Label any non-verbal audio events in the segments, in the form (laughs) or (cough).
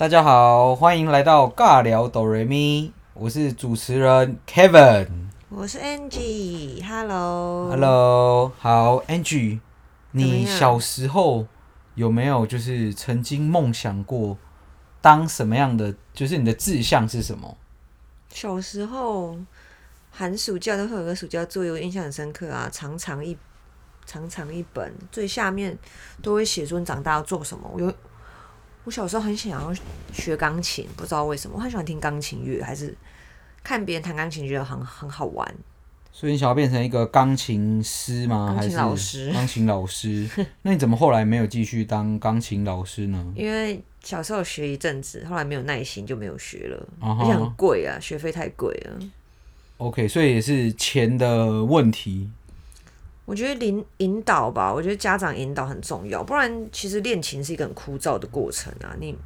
大家好，歡迎來到尬聊哆瑞咪，我是主持人 Kevin，我是 Angie，Hello，Hello，好，Angie，你小時候有沒有就是曾經夢想過當什麼樣的？就是你的志向是什麼？小時候寒暑假都會有個暑假作業，我印象很深刻啊，長長一長長一本，最下面都會寫說你長大要做什麼，我有。我小時候很想要學鋼琴，不知道為什麼，我很喜歡聽鋼琴樂，還是看別人彈鋼琴覺得很很好玩。所以你想要變成一個鋼琴師嗎？還是鋼琴老師？鋼琴老師？ (laughs) 那你怎麼後來沒有繼續當鋼琴老師呢？因為小時候學一陣子，後來沒有耐心就沒有學了。而且很貴啊，uh-huh. 學費太貴了。OK，所以也是錢的問題。我覺得引引導吧，我覺得家長引導很重要，不然其實練琴是一個很枯燥的過程啊。你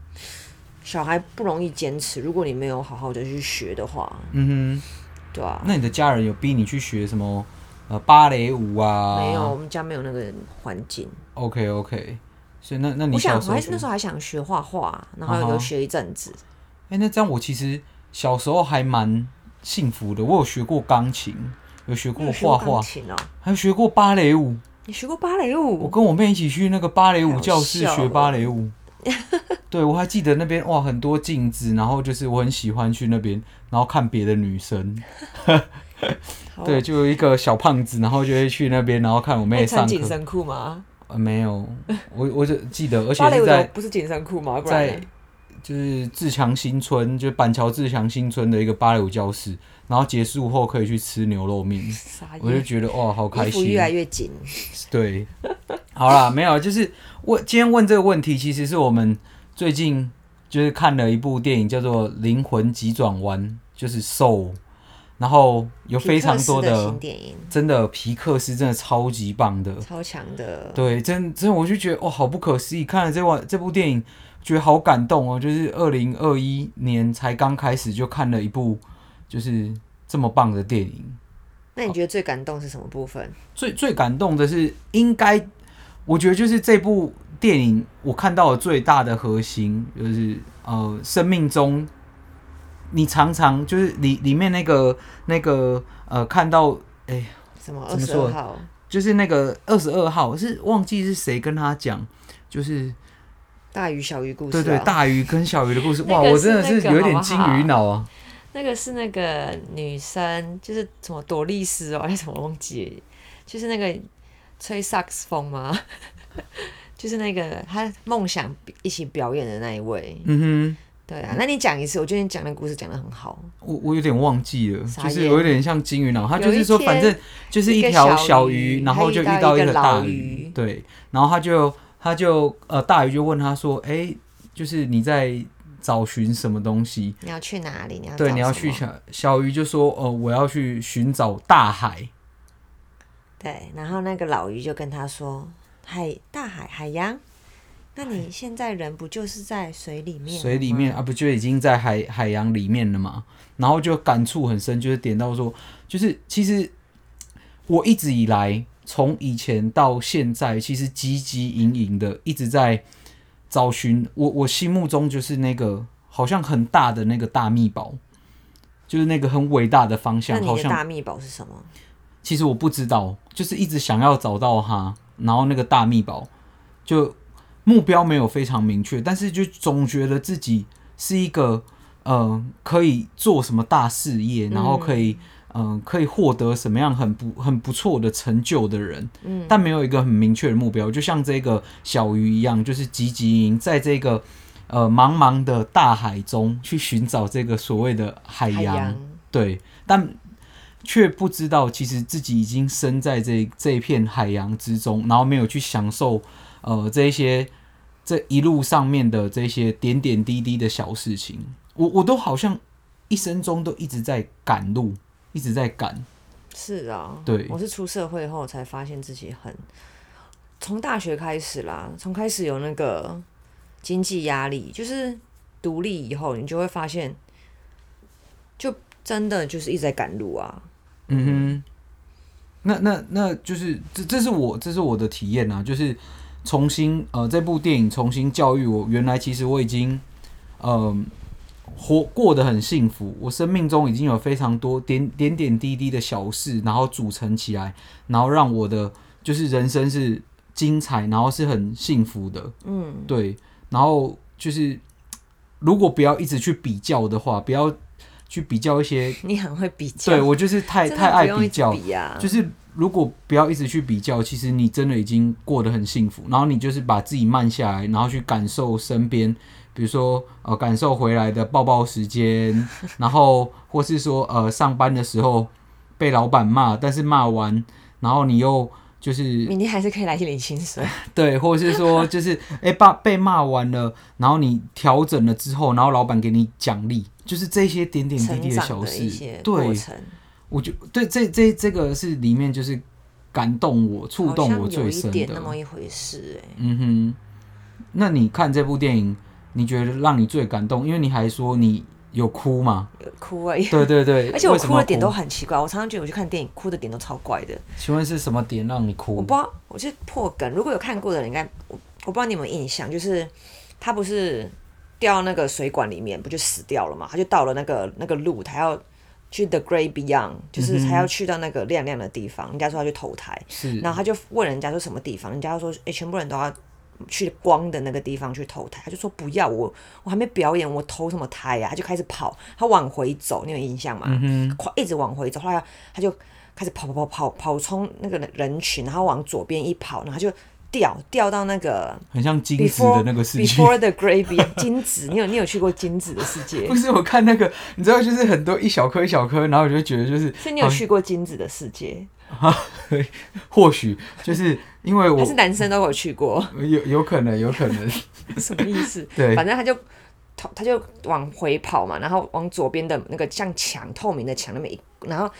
小孩不容易堅持，如果你沒有好好的去學的話，嗯哼，對啊。那你的家人有逼你去學什麼、呃、芭蕾舞啊？沒有，我們家沒有那個環境。OK OK，所以那那你小時候我想我還是那時候還想學畫畫，然後有學一陣子。哎、啊欸，那這樣我其實小時候還蠻幸福的，我有學過鋼琴。有學過畫畫，喔，還有學過芭蕾舞。你學過芭蕾舞？我跟我妹一起去那個芭蕾舞教室學芭蕾舞。喔、 (laughs) 對，我還記得那邊哇，很多鏡子，然後就是我很喜歡去那邊，然後看別的女生。 (laughs) 啊、對，就有一個小胖子，然後就會去那邊，然後看我妹上課。會穿緊身褲嗎、呃？沒有，我我就記得，而且是在芭蕾舞不是緊身褲嗎？在就是自強新村，就板橋自強新村的一個芭蕾舞教室。然後結束後可以去吃牛肉麵，我就覺得哇，好開心。衣服越來越緊。對，好啦，欸、沒有，就是問今天問這個問題，其實是我們最近就是看了一部電影叫做《靈魂急轉彎》，就是《Soul》，然後有非常多的、的電影，真的皮克斯真的超級棒的，超強的。對，真的真的我就覺得哇，好不可思議！看了這部這部電影，覺得好感動哦。就是二零二一年才剛開始就看了一部。就是這麼棒的電影，那你覺得最感動是什麼部分？最最感動的是應，應該我覺得就是這部電影我看到的最大的核心就是呃，生命中你常常就是裡裡面那個那個呃，看到哎、欸、什麼二十二號，就是那個二十二號是忘記是誰跟他講，就是大魚小魚故事，啊，對，對對，大魚跟小魚的故事， (laughs) 哇，我真的是有點金魚腦啊。好那個是那個女生，就是什麼朵莉絲哦，還是什麼忘記，就是那個吹薩克斯風嗎？ (laughs) 就是那個他夢想一起表演的那一位。嗯哼，對啊，那你講一次，我覺得你講那個故事講的很好。我我有點忘記了，就是有點像金魚腦，他就是說反正就是一條小魚，一一魚，然後就遇到一個大魚，對，然後他就他就呃大魚就問他說，哎、欸，就是你在。找尋什麼東西？你要去哪裡？你要對，你要去小小魚就說：“哦、呃，我要去尋找大海。”對，然後那個老魚就跟他說：“海，大海，海洋。那你現在人不就是在水裡面？水裡面啊，不就已經在海海洋裡面了嗎？”然後就感觸很深，就是點到說，就是其實我一直以來，從以前到現在，其實汲汲營營的一直在。找尋我，我心目中就是那個好像很大的那個大秘寶，就是那個很偉大的方向。好像大秘寶是什麼？其實我不知道，就是一直想要找到它。然後那個大秘寶就目標沒有非常明確，但是就總覺得自己是一個嗯、呃，可以做什麼大事業，然後可以。嗯嗯、呃，可以獲得什麼樣很不很不錯的成就的人，嗯，但沒有一個很明確的目標，就像這個小魚一樣，就是汲汲營在這個呃茫茫的大海中去尋找這個所謂的海洋，海洋，對，但卻不知道其實自己已經身在這這片海洋之中，然後沒有去享受呃這一些這一路上面的這些點點滴滴的小事情，我我都好像一生中都一直在趕路。一直在趕，是啊，對，我是出社會後才發現自己很，從大學開始啦，從開始有那個經濟壓力，就是獨立以後，你就會發現，就真的就是一直在趕路啊。嗯哼，那那那就是這這是我這是我的體驗啊，就是重新呃這部電影重新教育我，原來其實我已經嗯。呃活過得很幸福。我生命中已經有非常多點點點滴滴的小事，然後組成起來，然後讓我的就是人生是精彩，然後是很幸福的。嗯，對。然後就是，如果不要一直去比較的話，不要去比較一些，你很會比較。對我就是太太愛比較比、啊，就是如果不要一直去比較，其實你真的已經過得很幸福。然後你就是把自己慢下來，然後去感受身邊。比如說，呃，感受回來的抱抱時間，然後或是說，呃，上班的時候被老板罵，但是罵完，然後你又就是，明天還是可以來一點清水，對，或者是說，就是，哎、 (laughs) 欸，爸被罵完了，然後你調整了之後，然後老板給你獎勵，就是這些點點滴滴的小事，對，過程，對我就，對這這這個是裡面就是感動我、嗯、觸動我最深的一點那麼一回事、欸，哎，嗯哼，那你看這部電影。你覺得讓你最感動，因為你還說你有哭嗎？有哭啊、哎！對對對，而且我哭的點都很奇怪。我常常覺得我去看電影，哭的點都超怪的。請問是什麼點讓你哭？我不知道，我是破梗。如果有看過的人應該，應該我不知道你有沒有印象，就是他不是掉到那個水管裡面，不就死掉了嘛？他就到了那個那個路，他要去 The Great Beyond，就是他要去到那個亮亮的地方。嗯、人家說他去投胎是，然後他就問人家說什麼地方，人家說哎、欸，全部人都要。去光的那個地方去投胎，他就說不要我，我還沒表演，我投什麼胎呀？啊？他就開始跑，他往回走，你有印象嗎？嗯，一直往回走，後來他就開始跑跑跑跑跑，衝那個人群，然後往左邊一跑，然後就掉掉到那個很像金子的那個世界 Before, Before the Gravy，金子，你有你有去過金子的世界？ (laughs) 不是，我看那個，你知道，就是很多一小顆一小顆，然後我就覺得就是，所以你有去過金子的世界？啊，或許就是因為我是男生，都有去過，有有可能，有可能， (laughs) 什麼意思？對，反正他就他他就往回跑嘛，然後往左邊的那個像牆透明的牆那麼一，然後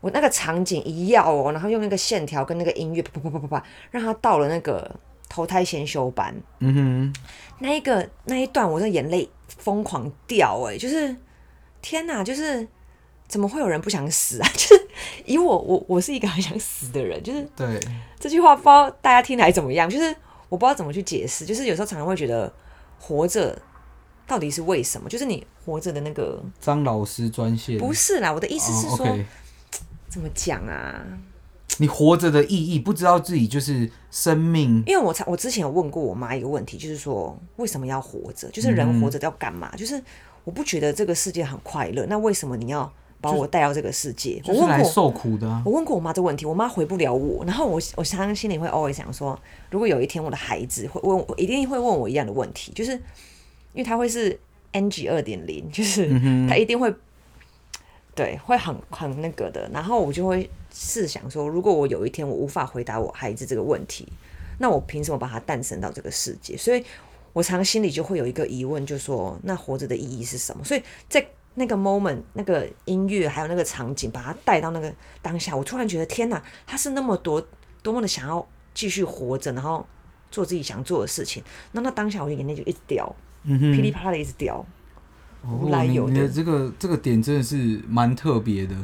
我那個場景一要哦、喔，然後用那個線條跟那個音樂啪啪啪啪啪，讓他到了那個投胎先修班。嗯哼，那一個那一段，我的眼淚瘋狂掉哎，就是天吶，就是。怎麼會有人不想死啊？就是以我，我我是一個很想死的人。就是對這句話，不知道大家聽來怎麼樣？就是我不知道怎麼去解釋。就是有時候常常會覺得活着到底是為什麼？就是你活着的那個張老師專線。不是啦。我的意思是說，哦 okay、怎麼講啊？你活着的意義不知道自己就是生命。因為我才我之前有問過我媽一個問題，就是說，為什麼要活着？就是人活着要幹嘛、嗯？就是我不覺得這個世界很快樂，那為什麼你要？把我帶到這個世界，我問過，受苦的、啊我我。我問過我媽這問題，我媽回不了我。然後我，我常常心裡會偶爾想說，如果有一天我的孩子會問我，一定會問我一樣的問題，就是因為他會是 NG 二點零，就是他一定會、嗯、對，會很很那個的。然後我就會試想說，如果我有一天我無法回答我孩子這個問題，那我憑什麼把他誕生到這個世界？所以我常常心裡就會有一個疑問就是，就說那活着的意義是什麼？所以在。那個 moment，那個音樂，還有那個場景，把它帶到那個當下，我突然覺得天哪，他是那麼多多麼的想要繼續活着，然後做自己想做的事情。那那當下，我的眼淚就一直掉，噼、嗯、里啪啦的一直掉，哦，無來由的。的這個這個點真的是蠻特別的，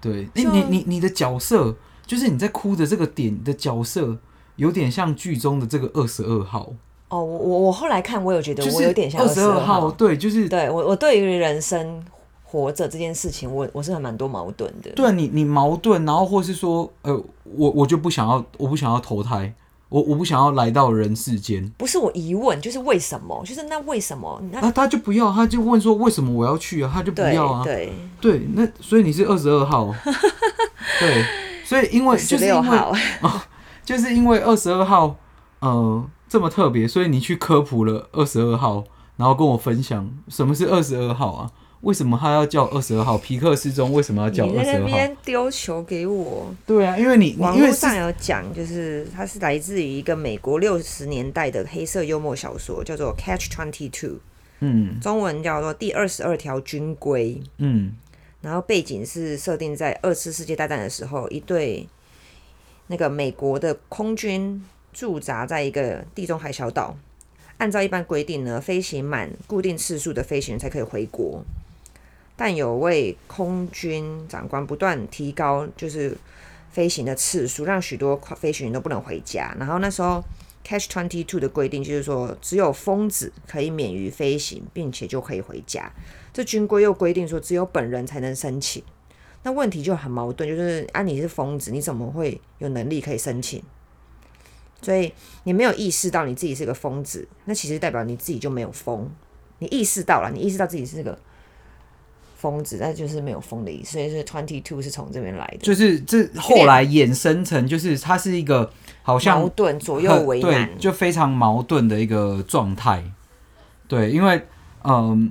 對，你你你的角色，就是你在哭的這個點的角色，有點像劇中的這個二十二號。哦，我我我後來看，我有覺得我有點像二十二號，對，就是對我我對於人生活着這件事情，我我是還蠻多矛盾的。對，你你矛盾，然後或是說，呃，我我就不想要，我不想要投胎，我我不想要來到人世間。不是我疑問，就是為什麼？就是那為什麼？那他就不要，他就問說為什麼我要去啊？他就不要啊？對對，對，那所以你是二十二號， (laughs) 對，所以因為二十二號，就是因為二十二號，呃。這麼特別，所以你去科普了二十二號，然後跟我分享什麼是二十二號啊？為什麼他要叫二十二號？皮克斯中為什麼要叫二十二號？你那邊丟球給我。對啊，因為你網絡上有講，就是，是它是來自於一個美國六十年代的黑色幽默小說，叫做《Catch Twenty Two》，嗯，中文叫做《第二十二條軍規》，嗯，然後背景是設定在二次世界大戰的時候，一對那個美國的空軍。駐紮在一個地中海小島，按照一般規定呢，飛行滿固定次數的飛行員才可以回國。但有位空軍長官不斷提高，就是飛行的次數，讓許多飛行員都不能回家。然後那時候 Catch Twenty Two 的規定就是說，只有瘋子可以免於飛行，並且就可以回家。這軍規又規定說，只有本人才能申請。那問題就很矛盾，就是啊，你是瘋子，你怎麼會有能力可以申請？所以你沒有意識到你自己是個瘋子，那其實代表你自己就沒有瘋。你意識到了，你意識到自己是個瘋子，那就是沒有瘋的意思。所以是 twenty two 是從這邊來的，就是這後來衍生成，就是它是一個好像矛盾、左右為難，就非常矛盾的一個狀態。對，因為嗯。呃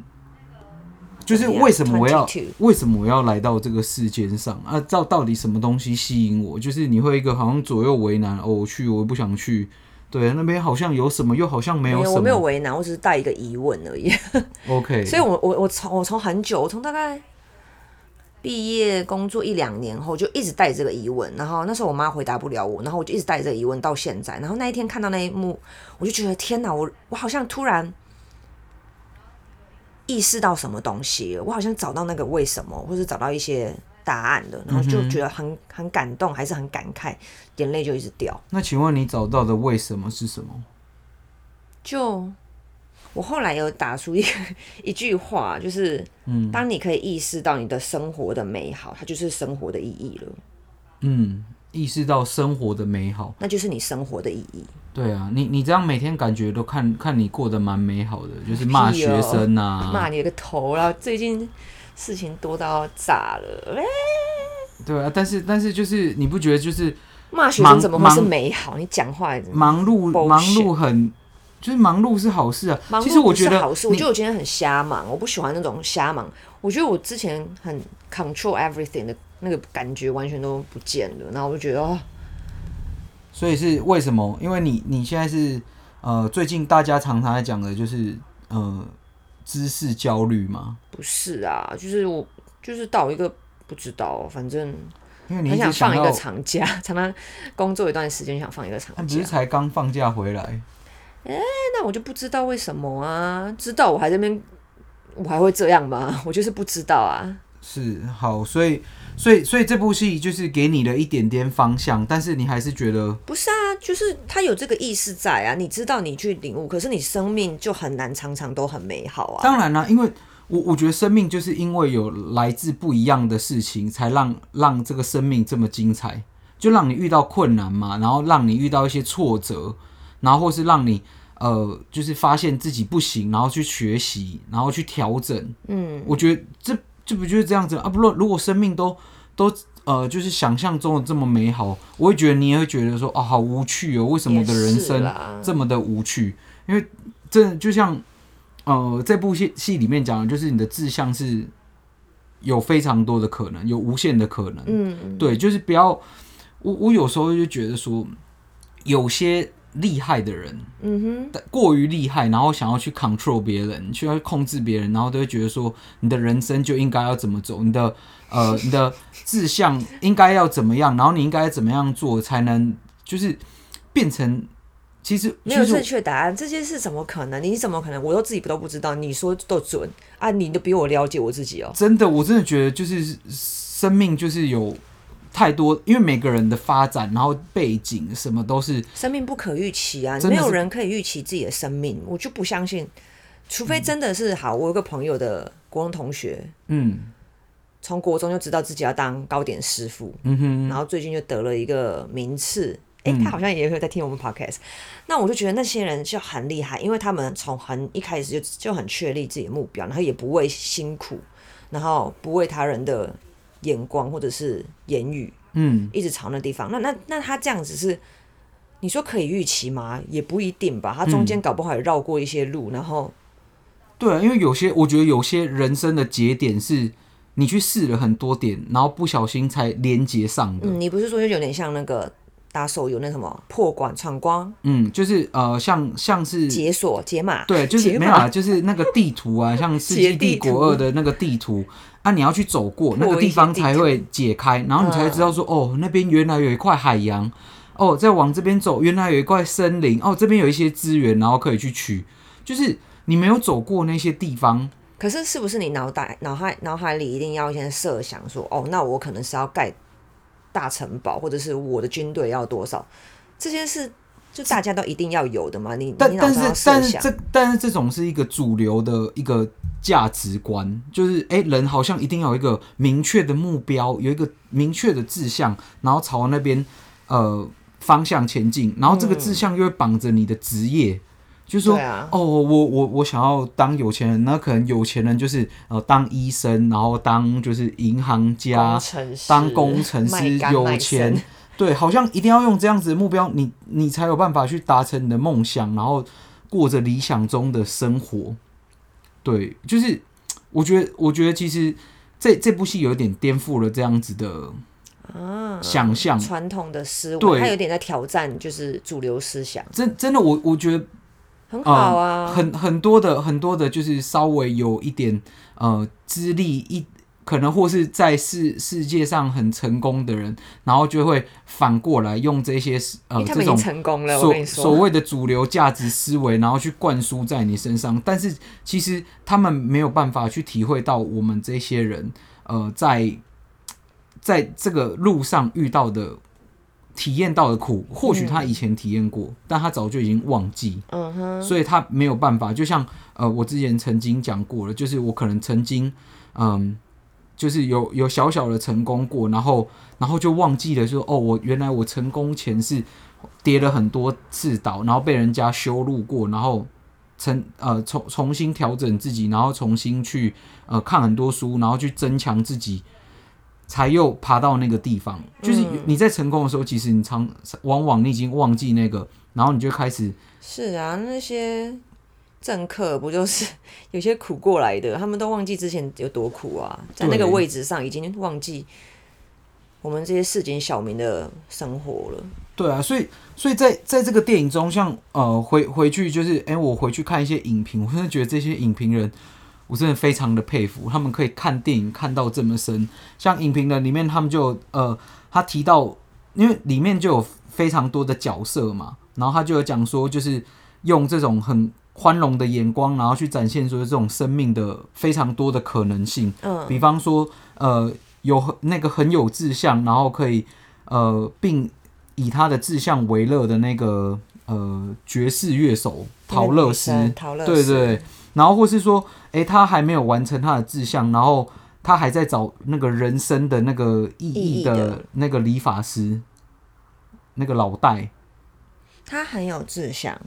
就是為什麼我要為什麼我要來到這個世間上啊？到到底什麼東西吸引我？就是你會一個好像左右為難，哦，我去，我不想去，對啊，那邊好像有什麼，又好像沒有什麼。沒有，我沒有為難，我只是帶一個疑問而已。 (laughs) OK。所以我我我從我從很久，我從大概畢業工作一兩年後就一直帶這個疑問，然後那時候我媽回答不了我，然後我就一直帶這個疑問到現在。然後那一天看到那一幕，我就覺得天哪，我我好像突然。意識到什麼東西，我好像找到那個為什麼，或者找到一些答案了，然後就覺得很、嗯、很感動，還是很感慨，眼淚就一直掉。那請問你找到的為什麼是什麼？就我後來有打出一個一句話，就是，嗯，當你可以意識到你的生活的美好，它就是生活的意義了。嗯，意識到生活的美好，那就是你生活的意義。對啊，你你這樣每天感覺都看看你過得蠻美好的，就是罵學生啊，罵、哦、你個頭，然後、啊、最近事情多到炸了，對啊，但是但是就是你不覺得就是罵學生怎麼會是美好？你講話也怎麼忙碌忙碌很就是忙碌是好事啊？事其實我覺得好事，我覺得我今天很瞎忙，我不喜歡那種瞎忙。我覺得我之前很 control everything 的那個感覺完全都不見了，然後我就覺得。所以是為什麼？因為你你現在是呃，最近大家常常在講的就是呃，知識焦慮嗎？不是啊，就是我就是到一個不知道，反正很想放一個長假，常常工作一段時間想放一個長假。他不是才剛放假回來？哎、欸，那我就不知道為什麼啊？知道我還在那邊，我還會這樣嗎？我就是不知道啊。是好，所以。所以，所以這部戲就是給你了一點點方向，但是你還是覺得不是啊，就是他有這個意識在啊，你知道你去領悟，可是你生命就很難，常常都很美好啊。當然啦，因為我我覺得生命就是因為有來自不一樣的事情，才讓讓這個生命這麼精彩，就讓你遇到困難嘛，然後讓你遇到一些挫折，然後或是讓你呃，就是發現自己不行，然後去學習，然後去調整。嗯，我覺得這。就不就是這樣子啊？不論如果生命都都呃，就是想象中的這麼美好，我會覺得你也會覺得說，啊，好無趣哦，為什麼的人生這麼的無趣？因為這就像呃，這部戲戲裡面講的，就是你的志向是有非常多的可能，有無限的可能。嗯，對，就是不要我我有時候就覺得說有些厲害的人，嗯哼，過於厲害，然後想要去 control 別人，去要控制別人，然後都會覺得說，你的人生就應該要怎麼走，你的呃，你的志向應該要怎麼樣， (laughs) 然後你應該怎麼樣做才能，就是變成，其實沒有正確答案，這些是怎麼可能？你怎麼可能？我都自己不都不知道，你說都準啊？你都比我了解我自己哦。真的，我真的覺得就是生命就是有。太多，因為每個人的發展，然後背景，什麼都是，生命不可預期啊！沒有人可以預期自己的生命，我就不相信。除非真的是、嗯、好，我有個朋友的國中同學，嗯，從國中就知道自己要當糕點師傅，嗯哼，然後最近就得了一個名次。哎、嗯欸，他好像也有在聽我們 podcast、嗯。那我就覺得那些人就很厲害，因為他們從很一開始就就很確立自己的目標，然後也不畏辛苦，然後不畏他人的。眼光或者是言語，嗯，一直朝那地方。那那那他這樣子是，你說可以預期嗎？也不一定吧。他中間搞不好也繞過一些路，然後，嗯、對啊，因為有些我覺得有些人生的節點是你去試了很多點，然後不小心才連接上的、嗯。你不是說就有點像那個打手遊那什麼破關闖關？嗯，就是呃，像像是解鎖解碼，對、啊，就是解碼沒有、啊、就是那個地圖啊， (laughs) 像《世紀帝國二》的那個地圖。 (laughs) 那、啊、你要去走過那個地方才會解開，然後你才會知道說，哦，那邊原來有一塊海洋，哦，再往這邊走，原來有一塊森林，哦，這邊有一些資源，然後可以去取。就是你沒有走過那些地方，可是是不是你腦袋、腦海、腦海裡一定要先設想說，哦，那我可能是要蓋大城堡，或者是我的軍隊要多少，這些是？就大家都一定要有的嘛？你但你但是但是這但是這種是一個主流的一個價值觀，就是哎，人好像一定要有一個明確的目標，有一個明確的志向，然後朝那邊呃方向前進，然後這個志向又會綁着你的職業。嗯、就是說、啊、哦，我我我想要當有錢人，那可能有錢人就是呃當醫生，然後當就是銀行家，工當工程師，有錢。 (laughs) 對，好像一定要用這樣子的目標，你你才有辦法去達成你的夢想，然後過着理想中的生活。對，就是我覺得，我覺得其實這這部戲有點顛覆了這樣子的想象，啊、傳統的思維，他有點在挑戰，就是主流思想。真真的我，我我覺得很好啊，呃、很很多的很多的，多的就是稍微有一點呃資歷一。可能或是在世世界上很成功的人，然後就會反過來用這些呃這種所所謂的主流價值思維，然後去灌輸在你身上。但是其實他們沒有辦法去體會到我們這些人呃在在這個路上遇到的體驗到的苦。或許他以前體驗過、嗯，但他早就已經忘記，嗯所以他沒有辦法。就像呃，我之前曾經講過了，就是我可能曾經嗯。呃就是有有小小的成功過，然後然後就忘記了說哦，我原來我成功前是跌了很多次倒，然後被人家羞辱過，然後重呃重重新調整自己，然後重新去呃看很多書，然後去增強自己，才又爬到那個地方。就是你在成功的時候，嗯、其實你常往往你已經忘記那個，然後你就開始是啊那些。政客不就是有些苦過來的？他們都忘記之前有多苦啊，在那個位置上已經忘記我們這些市井小民的生活了。對啊，所以，所以在在這個電影中，像呃，回回去就是，哎、欸，我回去看一些影評，我真的覺得這些影評人，我真的非常的佩服，他們可以看電影看到這麼深。像影評人裡面，他們就呃，他提到，因為裡面就有非常多的角色嘛，然後他就有講說，就是用這種很。寬容的眼光，然後去展現出這種生命的非常多的可能性。嗯、比方說，呃，有那個很有志向，然後可以呃，並以他的志向為樂的那個呃爵士樂手陶樂師、嗯嗯、陶樂師對，對對。然後或是說，哎、欸，他還沒有完成他的志向，然後他還在找那個人生的那個意義的那個理髮師，那個老戴。他很有志向。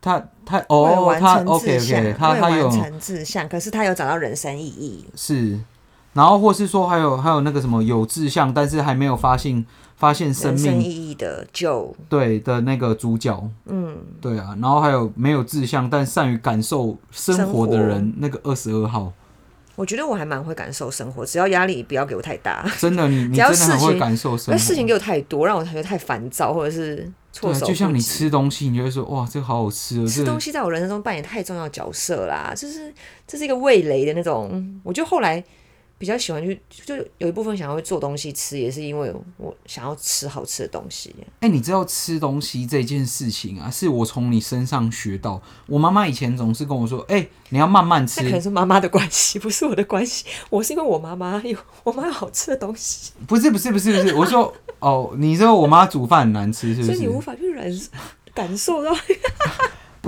他他哦，他 OK OK，他他有志向，可是他有找到人生意義。是，然後或是說還有還有那個什麼有志向，但是還沒有發現發現生命意義的就對的那個主角，嗯，對啊，然後還有沒有志向但善於感受生活的人，那個二十二號。我覺得我還蠻會感受生活，只要壓力不要給我太大。真的，你 (laughs) 你真的很會感受生活。但事情給我太多，讓我感覺得太煩躁，或者是措手。就像你吃東西，你就會說哇，這個好好吃哦。吃東西在我人生中扮演太重要的角色啦，就是這是一個味蕾的那種。我覺得後來。比較喜歡去，就有一部分想要做東西吃，也是因為我想要吃好吃的東西。欸，你知道吃東西這件事情啊，是我從你身上學到。我媽媽以前總是跟我說：“欸，你要慢慢吃。”你可能是媽媽的關係，不是我的關係。我是因為我媽媽有我媽有好吃的東西。不是不是不是不是，我說 (laughs) 哦，你知道我媽煮飯很難吃，是不是？所以你無法去感受，感受到。 (laughs)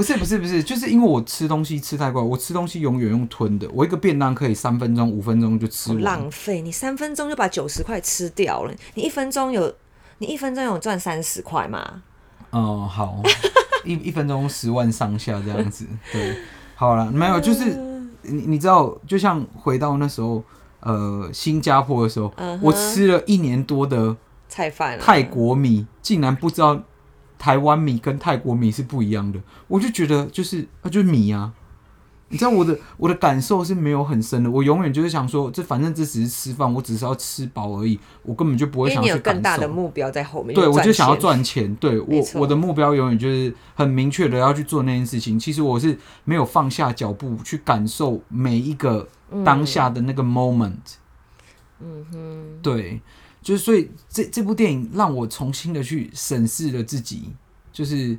不是不是不是，就是因為我吃東西吃太快，我吃東西永遠用吞的。我一個便當可以三分鐘、五分鐘就吃完了。好浪費！你三分鐘就把九十塊吃掉了，你一分鐘有你一分鐘有賺三十塊嗎？哦、嗯，好， (laughs) 一一分鐘十萬上下這樣子。對，好了，沒有，就是你你知道，就像回到那時候，呃，新加坡的時候，uh -huh, 我吃了一年多的菜飯泰國米，竟然不知道。台灣米跟泰國米是不一樣的，我就覺得就是啊，就是米啊。你知道我的我的感受是沒有很深的，我永遠就是想說，這反正這只是吃飯，我只是要吃飽而已，我根本就不會想要去感受。因為你有更大的目標在後面，對我就想要賺錢。對我我的目標永遠就是很明確的要去做那件事情。其實我是沒有放下腳步去感受每一個當下的那個 moment。嗯哼，對。就是，所以這這部電影讓我重新的去審視了自己。就是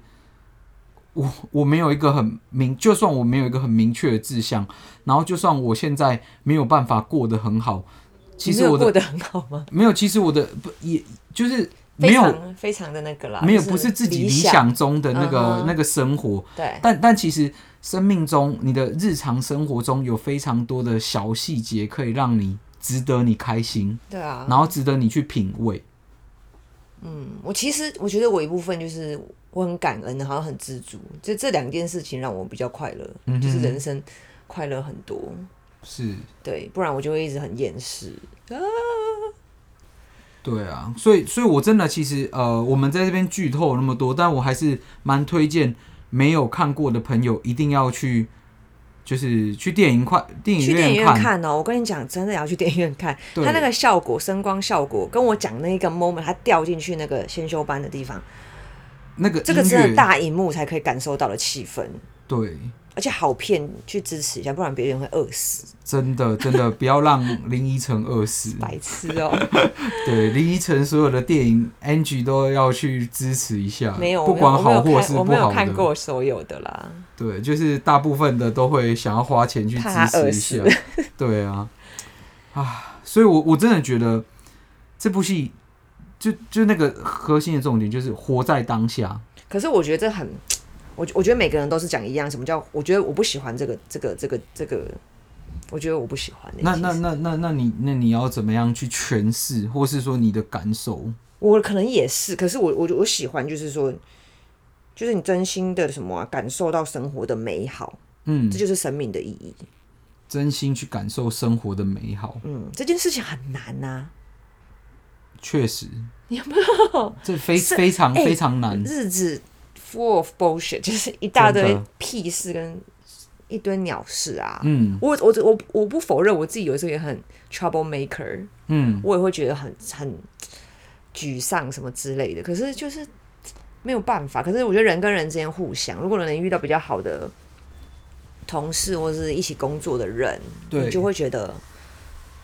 我我沒有一個很明，就算我沒有一個很明確的志向，然後就算我現在沒有辦法過得很好，其實我的，沒有，沒有，其實我的不也就是沒有非常，非常的那個啦，沒有、就是、不是自己理想中的那個、嗯、那個生活。對，但但其實生命中你的日常生活中有非常多的小細節可以讓你。值得你開心，對啊，然後值得你去品味。嗯，我其實我覺得我一部分就是我很感恩，然後很知足，就這兩件事情讓我比較快樂，嗯，就是人生快樂很多。是，對，不然我就會一直很厭世，啊。對啊，所以，所以我真的其實呃，我們在這邊劇透那麼多，但我還是蠻推薦沒有看過的朋友一定要去。就是去電影快電影去電影院看哦、喔！我跟你講，真的要去電影院看，他那個效果，聲光效果，跟我講那個 moment，他掉進去那個先修班的地方，那個這個真的大銀幕才可以感受到的氣氛，對。且好片去支持一下，不然別人會餓死。真的，真的不要讓林依晨餓死。白痴哦。對，林依晨所有的電影，Angie 都要去支持一下。沒有，不管好或是不好，我沒有看過所有的啦。對，就是大部分的都會想要花錢去支持一下。怕他餓死了。 (laughs) 對啊。啊，所以我我真的覺得這部戲，就就那個核心的重點就是活在當下。可是我覺得很。我我覺得每個人都是講一樣，什麼叫？我覺得我不喜歡這個，這個，這個，這個，我覺得我不喜歡、欸。那那那那那你那你要怎麼樣去詮釋，或是說你的感受？我可能也是，可是我我我喜歡，就是說，就是你真心的什麼、啊、感受到生活的美好，嗯，這就是生命的意義。真心去感受生活的美好，嗯，這件事情很難吶、啊。確實，也這非非常、欸、非常難日子。full of bullshit 就是一大堆屁事跟一堆鳥事啊！嗯，我我我我不否認我自己有時候也很 troublemaker，嗯，我也會覺得很很沮喪什麼之類的。可是就是沒有辦法。可是我覺得人跟人之間互相，如果能遇到比較好的同事或者是一起工作的人對，你就會覺得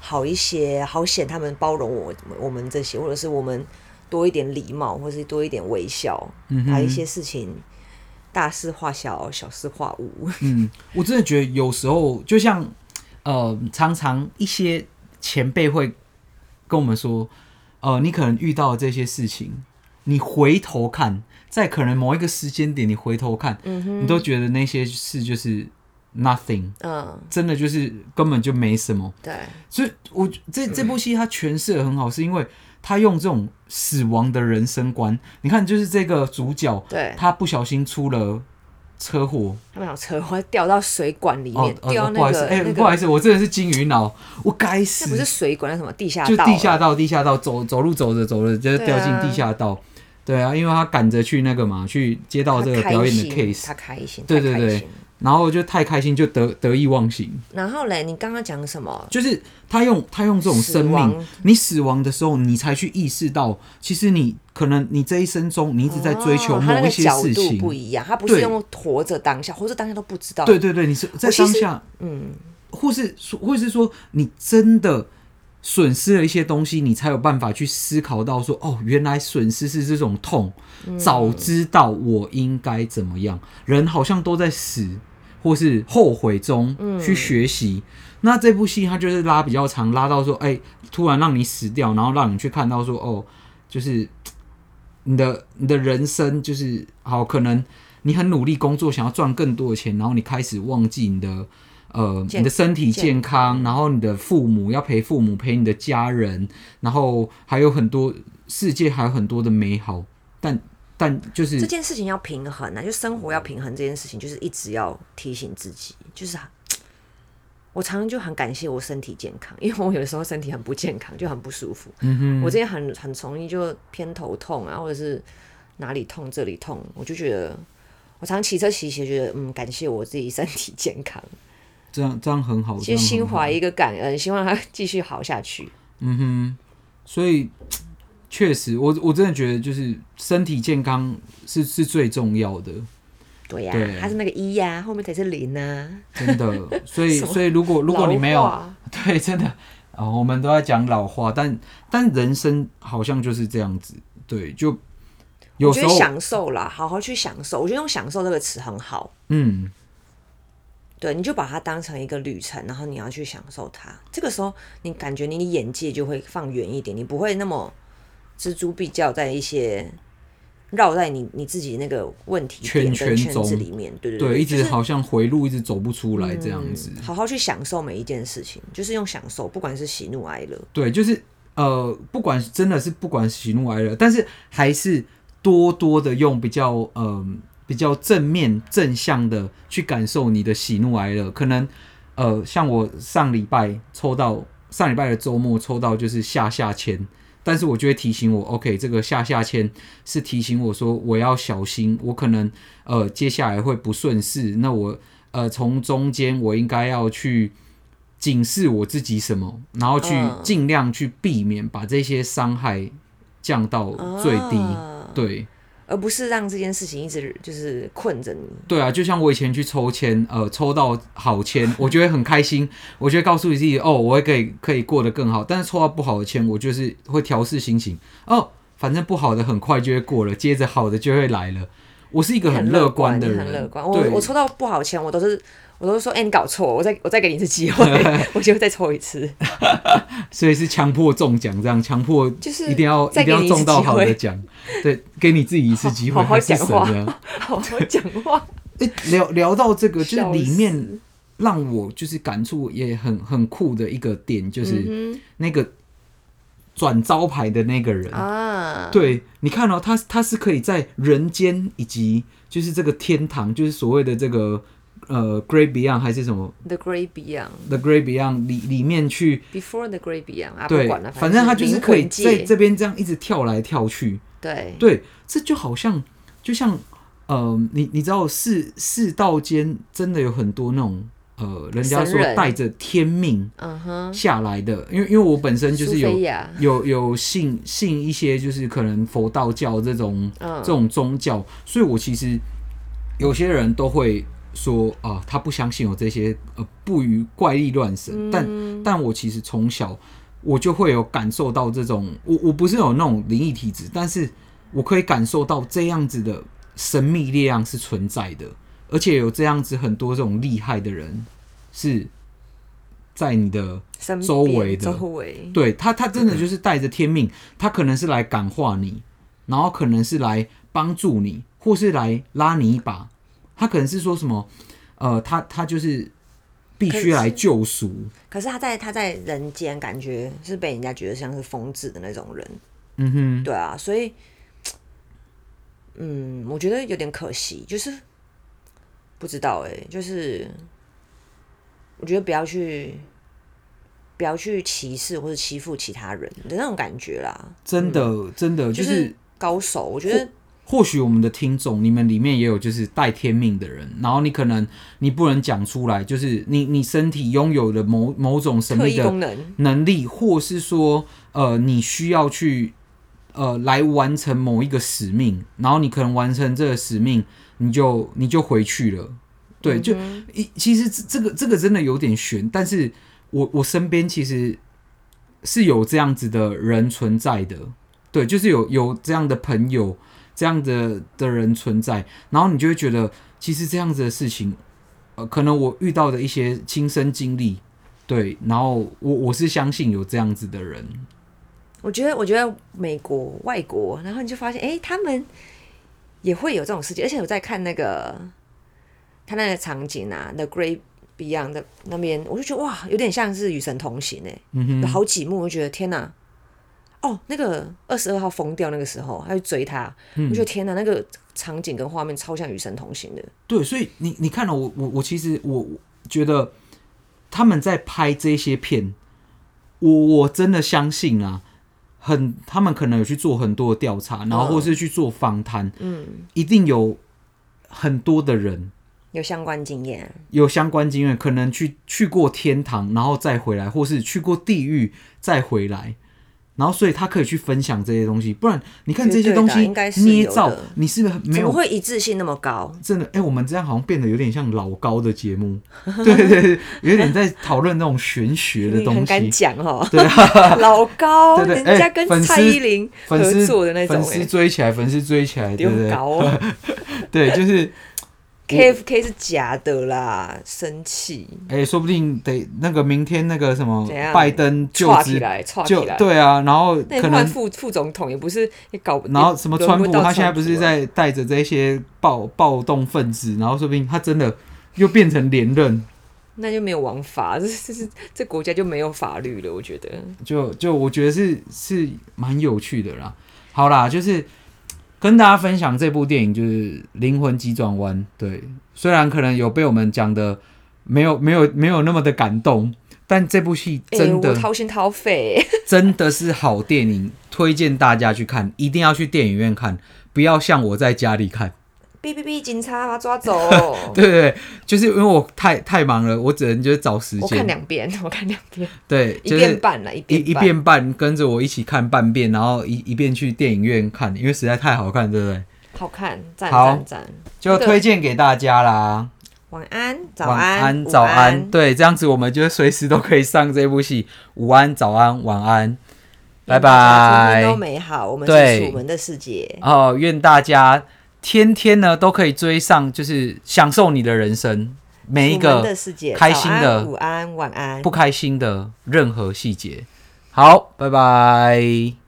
好一些，好險他們包容我我們這些，或者是我們。多一點禮貌，或是多一點微笑，嗯，還有一些事情大事化小，小事化無。嗯，我真的覺得有時候，就像呃，常常一些前輩會跟我們說，呃，你可能遇到這些事情，你回頭看，在可能某一個時間點，你回頭看，嗯哼，你都覺得那些事就是。嗯 Nothing，嗯，真的就是根本就沒什麼。對，所以我覺得，我這這部戲他詮釋的很好，是因為他用這種死亡的人生觀。你看，就是這個主角，對，他不小心出了車禍，他沒有車禍掉到水管裡面，哦哦、掉那個，哎、那個欸，不好意思，我真的是金魚腦，我該死，這不是水管，那什麼地下道，就地下道，地下道，走走路走着走着就掉進地下道。對啊，對啊，因為他趕着去那個嘛，去接到這個表演的 case，他開心，開心開心對對對。然後就太開心，就得得意忘形。然後嘞，你剛剛講什麼？就是他用他用這種生命，死你死亡的時候，你才去意識到，其實你可能你這一生中，你一直在追求某一些事情，哦，不一樣。他不是用活着，活着當下，活着當下都不知道。對對對，你是在當下，嗯，或是，或是說，或是說你真的。損失了一些東西，你才有辦法去思考到說，哦，原來損失是這種痛。早知道我應該怎麼樣？人好像都在死或是後悔中去學習。那這部戲它就是拉比較長，拉到說，哎、欸，突然讓你死掉，然後讓你去看到說，哦，就是你的你的人生就是好，可能你很努力工作，想要賺更多的錢，然後你開始忘記你的。呃，你的身體健康，健然後你的父母要陪父母，陪你的家人，然後還有很多世界還有很多的美好，但但就是這件事情要平衡啊，就生活要平衡這件事情，就是一直要提醒自己，就是我常常就很感謝我身體健康，因為我有的時候身體很不健康，就很不舒服。嗯哼。我之前很很容易就偏頭痛啊，或者是哪裡痛這裡痛，我就覺得我常常騎車騎騎，覺得嗯，感謝我自己身體健康。這樣這樣很好，先心懷一個感恩，希望他繼續好下去。嗯哼，所以確實，我我真的覺得，就是身體健康是是最重要的。對呀，啊，它是那個一呀啊，後面才是零啊。真的，所以所以如果如果你沒有，對，真的，哦，我們都在講老話，但但人生好像就是這樣子。對，就有時候我覺得享受啦，好好去享受。我覺得用“享受”這個詞很好。嗯。對，你就把它當成一個旅程，然後你要去享受它。這個時候，你感覺你的眼界就會放遠一點，你不會那麼錙銖必較，在一些繞在你你自己那個問題圈圈子裡面，圈圈對對對，對，一直好像回路一直走不出來這樣子，就是嗯。好好去享受每一件事情，就是用享受，不管是喜怒哀樂。對，就是呃，不管真的是不管是喜怒哀樂，但是還是多多的用比較嗯。呃比較正面、正向的去感受你的喜怒哀樂，可能，呃，像我上禮拜抽到上禮拜的周末抽到就是下下籤，但是我就會提醒我，OK，這個下下籤是提醒我說我要小心，我可能呃接下來會不順勢，那我呃從中間我應該要去警示我自己什麼，然後去儘量去避免把這些傷害降到最低，對。而不是讓這件事情一直就是困着你。對啊，就像我以前去抽籤，呃，抽到好籤，我覺得很開心， (laughs) 我覺得告訴你自己哦，我也可以可以過得更好。但是抽到不好的籤，我就是會調試心情，哦，反正不好的很快就會過了，接着好的就會來了。我是一個很樂觀的人，很樂觀。我我抽到不好籤，我都是，我都是說，哎、欸，你搞錯，我再我再給你一次機會， (laughs) 我就會再抽一次。 (laughs) 所以是強迫中獎，這樣強迫就是一定要、就是、一,一定要中到好的獎，對，給你自己一次機會 (laughs) 好，好好講話，啊、 (laughs) 好好講話。 (laughs) 欸、聊聊到這個，就是裡面讓我就是感觸也很很酷的一個點，就是那個。轉招牌的那個人啊，對，你看哦，他，他是可以在人間以及就是這個天堂，就是所謂的這個呃 Great Beyond 還是什麼？The Great Beyond，The Great Beyond 裡裡面去，Before the Great Beyond 啊，對，啊，不管了，反正反正他就是可以在這邊這樣一直跳來跳去。對，對，這就好像就像呃，你你知道世世道間真的有很多那種。呃，人家說帶着天命下來的，嗯哼、因為因為我本身就是有有有信信一些就是可能佛道教這種、嗯、這種宗教，所以我其實有些人都會說啊、呃，他不相信有這些呃不語怪力亂神，嗯、但但我其實從小我就會有感受到這種，我我不是有那種靈異體質，但是我可以感受到這樣子的神秘力量是存在的。而且有這樣子很多這種厲害的人，是在你的周圍的身邊，周圍，對他，他真的就是帶着天命，對對對，他可能是來感化你，然後可能是來幫助你，或是來拉你一把，他可能是說什麼，呃，他他就是必須來救贖。可是他在他在人間，感覺是被人家覺得像是瘋子的那種人。嗯哼，對啊，所以，嗯，我覺得有點可惜，就是。不知道哎、欸，就是我覺得不要去不要去歧視或者欺負其他人的那種感覺啦。真的，嗯、真的就是、就是、高手。我覺得或許我們的聽眾，你們裡面也有就是帶天命的人，然後你可能你不能講出來，就是你你身體擁有的某某種神秘的能力，能或是說呃你需要去呃來完成某一個使命，然後你可能完成這個使命。你就你就回去了，對，就一、嗯、其實這個這個真的有點玄，但是我我身邊其實是有這樣子的人存在的，對，就是有有這樣的朋友這樣的的人存在，然後你就會覺得其實這樣子的事情，呃，可能我遇到的一些親身經歷，對，然後我我是相信有這樣子的人，我覺得我覺得美國外國，然後你就發現哎、欸、他們。也會有這種事件，而且我在看那個，他那個場景啊，《The Great Beyond》的那邊，我就覺得哇，有點像是《與神同行》誒、嗯，有好幾幕，我覺得天哪！哦，那個二十二號瘋掉那個時候，他去追他，我覺得、嗯、天哪，那個場景跟畫面超像《與神同行》的。對，所以你你看了我我我其實我我覺得他們在拍這些片，我我真的相信啊。很，他們可能有去做很多的調查，然後或是去做訪談，哦、嗯，一定有很多的人有相關經驗，有相關經驗，可能去去過天堂，然後再回來，或是去過地獄再回來。然後，所以他可以去分享這些東西，不然你看這些東西捏造，啊、應該是你是不是沒有，怎麼會一致性那麼高？真的，哎、欸，我們這樣好像變得有點像老高的節目， (laughs) 對對對，有點在討論那種玄學的東西， (laughs) 很敢講哦，對啊、 (laughs) 老高對對對，人家跟蔡依林合作的那種、欸，粉絲追起來，粉絲追起來，哦、對不對？對，就是。 (laughs) K F K 是假的啦，生氣。哎、欸，說不定得那個明天那個什麼拜登就職就,起來起來就對啊，然後可能副副總統也不是也搞，然後什麼川普他現在不是在帶着這些暴暴動分子、啊，然後說不定他真的又變成連任，那就沒有王法，這是,這,是這國家就沒有法律了。我覺得，就就我覺得是是蠻有趣的啦。好啦，就是。跟大家分享這部電影就是《靈魂急轉彎》。對，雖然可能有被我們講的沒有、沒有、沒有那麼的感動，但這部戲真的掏心掏肺，真的是好電影，推薦大家去看，一定要去電影院看，不要像我在家裡看。嗶嗶嗶！警察把他抓走。 (laughs) 對，對對，就是因為我太太忙了，我只能就是找時間。我看兩遍，我看兩遍。對、就是 (laughs) 一遍，一遍半了，一一遍半，跟着我一起看半遍，然後一一遍去電影院看，因為實在太好看，對不對？好看，讚讚讚！就推薦給大家啦。晚安，早安，安，安，早安。對，這樣子我們就隨時都可以上這部戲。午安，早安，晚安，拜拜、啊。明天都美好，我們是楚門的世界。哦，願大家。天天呢都可以追上，就是享受你的人生每一個開心的、午安、晚安，不開心的任何細節。好，拜拜。